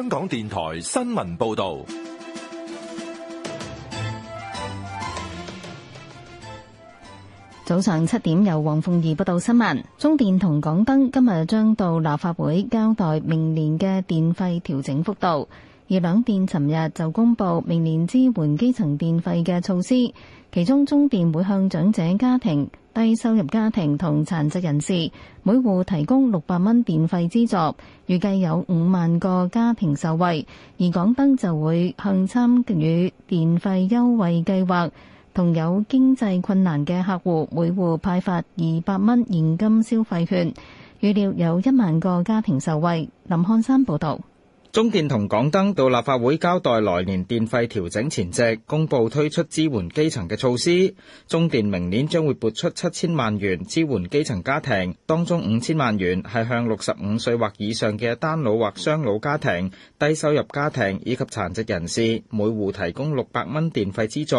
香港電台新聞報道，早上七點由黃鳳儀報道新聞。中電同港燈今日將到立法會交代明年嘅電費調整幅度。而兩電尋日就公布明年支援基層電費嘅措施，其中中電會向長者家庭、低收入家庭同殘疾人士每戶提供六百蚊電費資助，預計有五萬個家庭受惠；而港燈就會向參與電費優惠計劃，同有經濟困難嘅客戶每戶派發二百蚊現金消費券，預料有一萬個家庭受惠。林漢山報導。中電同港燈到立法會交代來年電費調整前夕，公布推出支援基層嘅措施。中電明年將會撥出七千萬元支援基層家庭，當中五千萬元係向六十五歲或以上嘅單老或雙老家庭、低收入家庭以及殘疾人士，每戶提供六百蚊電費資助，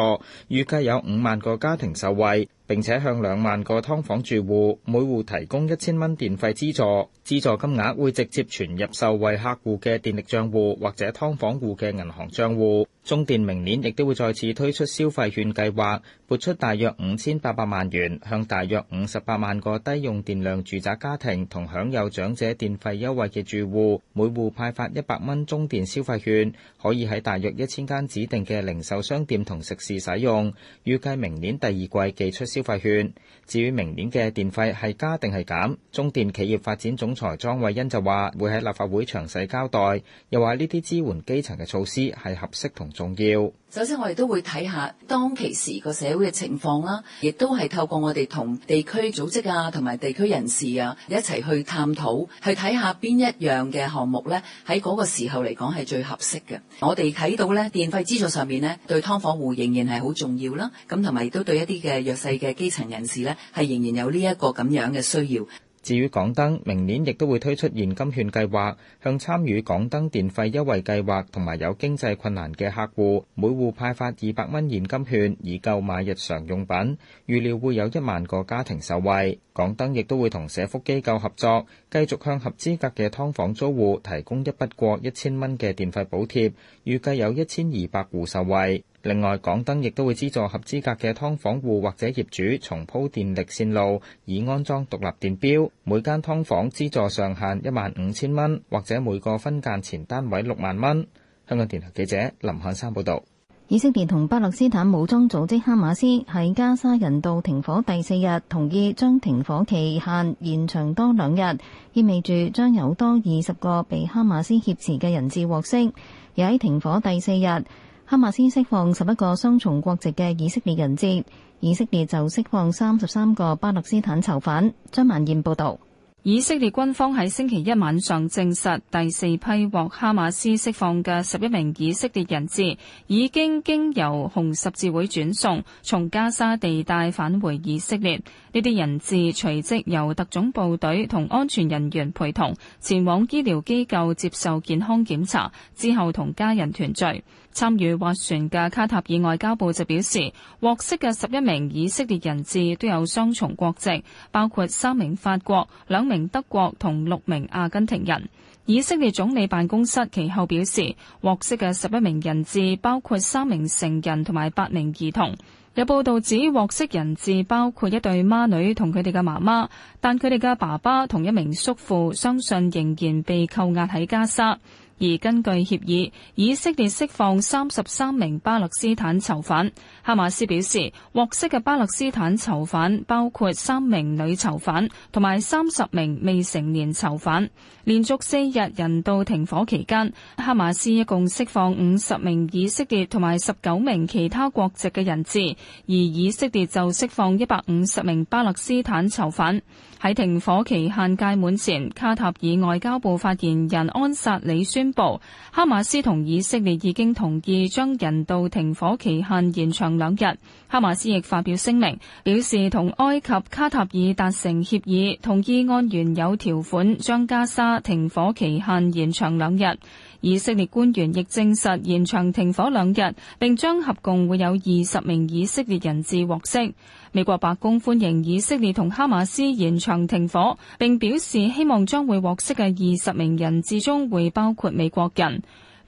預計有五萬個家庭受惠。並且向兩萬個劏房住戶每戶提供一千蚊電費資助，資助金額會直接存入受惠客戶嘅電力帳戶或者劏房戶嘅銀行帳戶。中電明年亦都會再次推出消費券計劃，撥出大約五千八百萬元向大約五十八萬個低用電量住宅家庭同享有長者電費優惠嘅住戶每戶派發一百蚊中電消費券，可以喺大約一千間指定嘅零售商店同食肆使用。預計明年第二季寄出。消費券。至於明年嘅電費係加定係減，中電企業發展總裁莊偉茵就話會喺立法會詳細交代。又話呢啲支援基層嘅措施係合適同重要。首先我哋都會睇下當其時個社會嘅情況啦，亦都係透過我哋同地區組織啊，同埋地區人士啊一齊去探討，去睇下邊一樣嘅項目呢。喺嗰個時候嚟講係最合適嘅。我哋睇到咧電費資助上面咧，對劏房戶仍然係好重要啦，咁同埋亦都對一啲嘅弱勢嘅基層人士咧係仍然有呢一個咁樣嘅需要。至於港燈，明年亦都會推出現金券計劃，向參與港燈電費優惠計劃同埋有經濟困難嘅客戶，每戶派發二百蚊現金券以購買日常用品。預料會有一萬個家庭受惠。港燈亦都會同社福機構合作，繼續向合資格嘅劏房租戶提供一筆過一千蚊嘅電費補貼，預計有一千二百戶受惠。另外，港燈亦都會資助合資格嘅㓥房戶或者業主重鋪電力線路，以安裝獨立電表。每間劏房資助上限一萬五千蚊，或者每個分間前單位六萬蚊。香港電台記者林漢山報導。以色列同巴勒斯坦武裝組織哈馬斯喺加沙人道停火第四日，同意將停火期限延長多兩日，意味住將有多二十個被哈馬斯挾持嘅人質獲釋。而喺停火第四日，哈馬斯釋放十一個雙重國籍嘅以色列人質，以色列就釋放三十三個巴勒斯坦囚犯。張萬燕報導，以色列軍方喺星期一晚上證實，第四批獲哈馬斯釋放嘅十一名以色列人質已經經由紅十字會轉送，從加沙地帶返回以色列。呢啲人質隨即由特種部隊同安全人員陪同前往醫療機構接受健康檢查，之後同家人團聚。參與斡旋嘅卡塔爾外交部就表示，獲釋嘅十一名以色列人質都有雙重國籍，包括三名法國、兩名德國同六名阿根廷人。以色列總理辦公室其後表示，獲釋嘅十一名人質包括三名成人同埋八名兒童。有報道指獲釋人質包括一對孖女同佢哋嘅媽媽，但佢哋嘅爸爸同一名叔父相信仍然被扣押喺加沙。而根據協議，以色列釋放三十三名巴勒斯坦囚犯。哈馬斯表示，獲釋嘅巴勒斯坦囚犯包括三名女囚犯同埋三十名未成年囚犯。連續四日人道停火期間，哈馬斯一共釋放五十名以色列同埋十九名其他國籍嘅人質，而以色列就釋放一百五十名巴勒斯坦囚犯。喺停火期限屆滿前，卡塔爾外交部發言人安薩里宣部哈馬斯同以色列已經同意將人道停火期限延長兩日。哈馬斯亦發表聲明，表示同埃及、卡塔爾達成協議，同意按原有條款將加沙停火期限延長兩日。以色列官員亦證實延長停火兩日，並將合共會有二十名以色列人質獲釋。美國白宮歡迎以色列同哈馬斯延長停火，並表示希望將會獲釋嘅二十名人質中會包括美國人。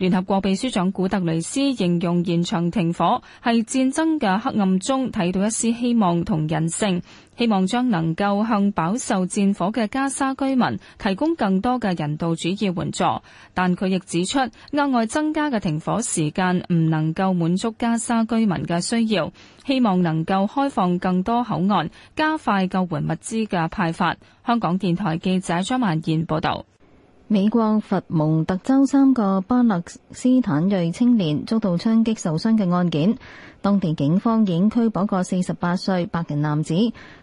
聯合國秘書長古特雷斯形容延長停火係戰爭嘅黑暗中睇到一絲希望同人性，希望將能夠向飽受戰火嘅加沙居民提供更多嘅人道主義援助。但佢亦指出，額外增加嘅停火時間唔能夠滿足加沙居民嘅需要，希望能夠開放更多口岸，加快救援物資嘅派發。香港電台記者張曼燕報道。美國佛蒙特州三個巴勒斯坦裔青年遭到槍擊受傷嘅案件。當地警方已經拘捕個四十八歲白人男子，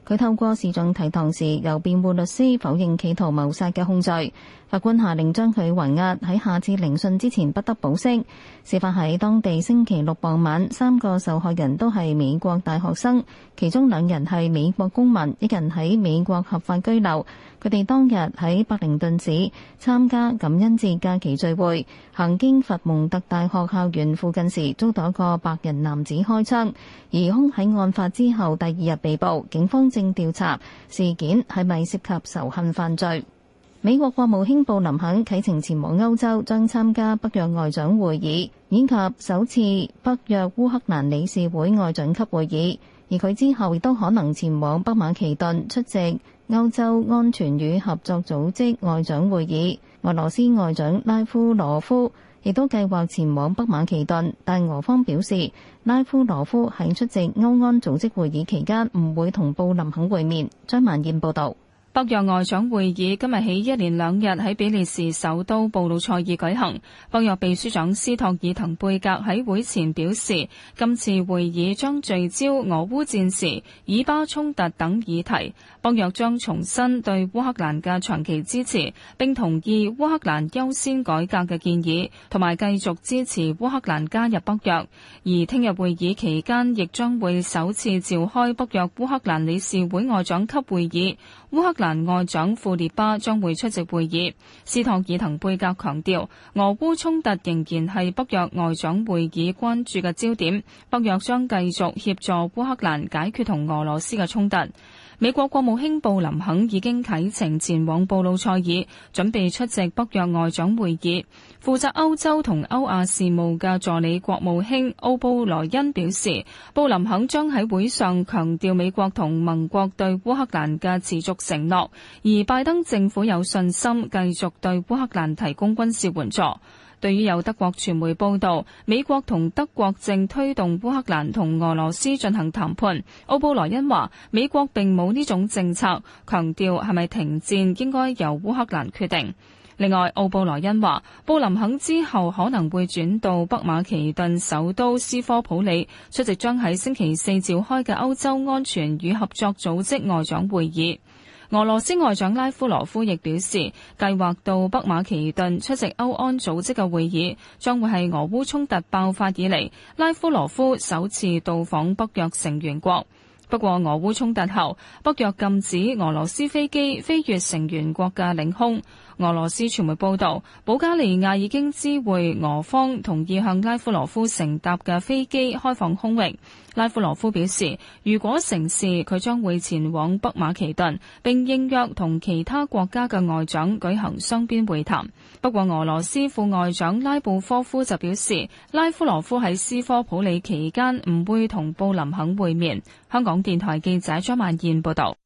佢透過視像提堂時，由辯護律師否認企圖謀殺嘅控罪。法官下令將佢還押喺下次聆訊之前不得保釋。事發喺當地星期六傍晚，三個受害人都係美國大學生，其中兩人係美國公民，一人喺美國合法居留。佢哋當日喺伯靈頓市參加感恩節假期聚會，行經佛蒙特大學校園附近時，捉到一個白人男子。開槍，疑凶喺案發之後第二日被捕，警方正調查事件係咪涉及仇恨犯罪。美國國務卿布林肯啟程前往歐洲，將參加北約外長會議，以及首次北約烏克蘭理事會外長級會議，而佢之後亦都可能前往北馬其頓出席歐洲安全與合作組織外長會議。俄羅斯外長拉夫羅夫。亦都計劃前往北馬其頓，但俄方表示，拉夫羅夫喺出席歐安組織會議期間唔會同布林肯會面。張曼燕報導。北約外長會議今日起一連兩日喺比利時首都布魯塞爾舉行。北約秘書長斯托爾滕貝格喺會前表示，今次會議將聚焦俄烏戰事、以巴衝突等議題。北約將重申對烏克蘭嘅長期支持，並同意烏克蘭優先改革嘅建議，同埋繼續支持烏克蘭加入北約。而聽日會議期間，亦將會首次召開北約烏克蘭理事會外長級會議。烏克蘭外長庫列巴將會出席會議。斯托爾滕貝格強調，俄烏衝突仍然係北約外長會議關注嘅焦點。北約將繼續協助烏克蘭解決同俄羅斯嘅衝突。美國國務卿布林肯已經啟程前往布魯塞爾，準備出席北約外長會議。負責歐洲同歐亞事務嘅助理國務卿奧布萊恩表示，布林肯將喺會上強調美國同盟國對烏克蘭嘅持續承諾，而拜登政府有信心繼續對烏克蘭提供軍事援助。對於有德國傳媒報道，美國同德國正推動烏克蘭同俄羅斯進行談判，奧布萊恩話，美國並冇呢種政策，強調係咪停戰應該由烏克蘭決定。另外，奧布萊恩話，布林肯之後可能會轉到北馬其頓首都斯科普里，出席將喺星期四召開嘅歐洲安全與合作組織外長會議。俄羅斯外長拉夫羅夫亦表示，計劃到北馬其頓出席歐安組織嘅會議，將會係俄烏衝突爆發以嚟，拉夫羅夫首次到訪北約成員國。不過，俄烏衝突後，北約禁止俄羅斯飛機飛越成員國嘅領空。俄羅斯傳媒報導，保加利亞已經知會俄方同意向拉夫羅夫乘搭嘅飛機開放空域。拉夫羅夫表示，如果成事，佢將會前往北馬其頓，並應約同其他國家嘅外長舉行雙邊會談。不過，俄羅斯副外長拉布科夫就表示，拉夫羅夫喺斯科普里期間唔會同布林肯會面。香港電台記者張萬燕報導。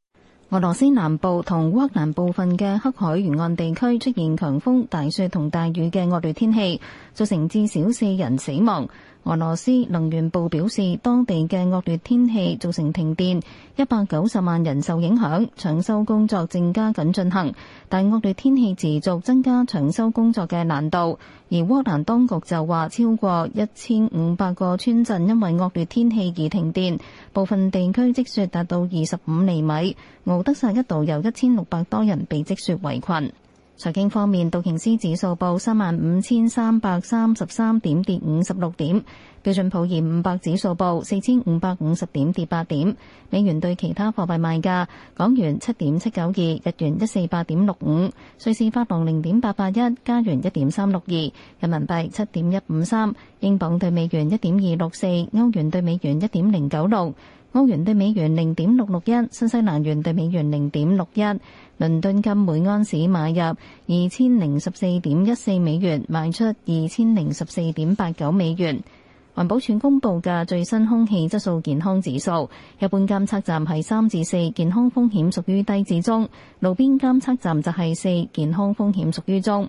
俄羅斯南部同烏克蘭部分嘅黑海沿岸地區出現強風、大雪同大雨嘅惡劣天氣，造成至少四人死亡。俄羅斯能源部表示，當地嘅惡劣天氣造成停電，一百九十萬人受影響，搶修工作正加緊進行。但惡劣天氣持續增加搶修工作嘅難度。而烏克蘭當局就話，超過一千五百個村鎮因為惡劣天氣而停電，部分地區積雪達到二十五厘米。俄德薩一度有一千六百多人被積雪圍困。財經方面，道瓊斯指數報三萬五千三百三十三點，跌五十六點；標準普爾500指數報四千五百五十點，跌八點。美元對其他貨幣賣價：港元七點七九二，日元一四八點六五，瑞士法郎零點八八一，加元一點三六二，人民幣七點一五三，英鎊對美元一點二六四，歐元對美元一點零九六。歐元對美元零點六六一，新西蘭元對美元零點六一，倫敦金每安士買入二千零十四點一四美元，賣出二千零十四點八九美元。環保署公布嘅最新空氣質素健康指數，一般監測站係三至四，健康風險屬於低至中；路邊監測站就係四，健康風險屬於中。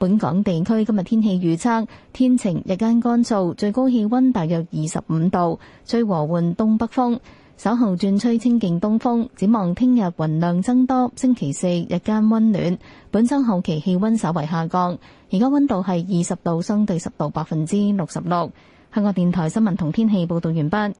本港地區今日天氣預測，天晴，日間乾燥，最高氣温大約二十五度，吹和緩東北風。稍後轉吹清勁東風，展望聽日雲量增多。星期四日間温暖，本週後期氣温稍為下降。而家温度係二十度，相對濕度，百分之六十六。香港電台新聞同天氣報導完畢。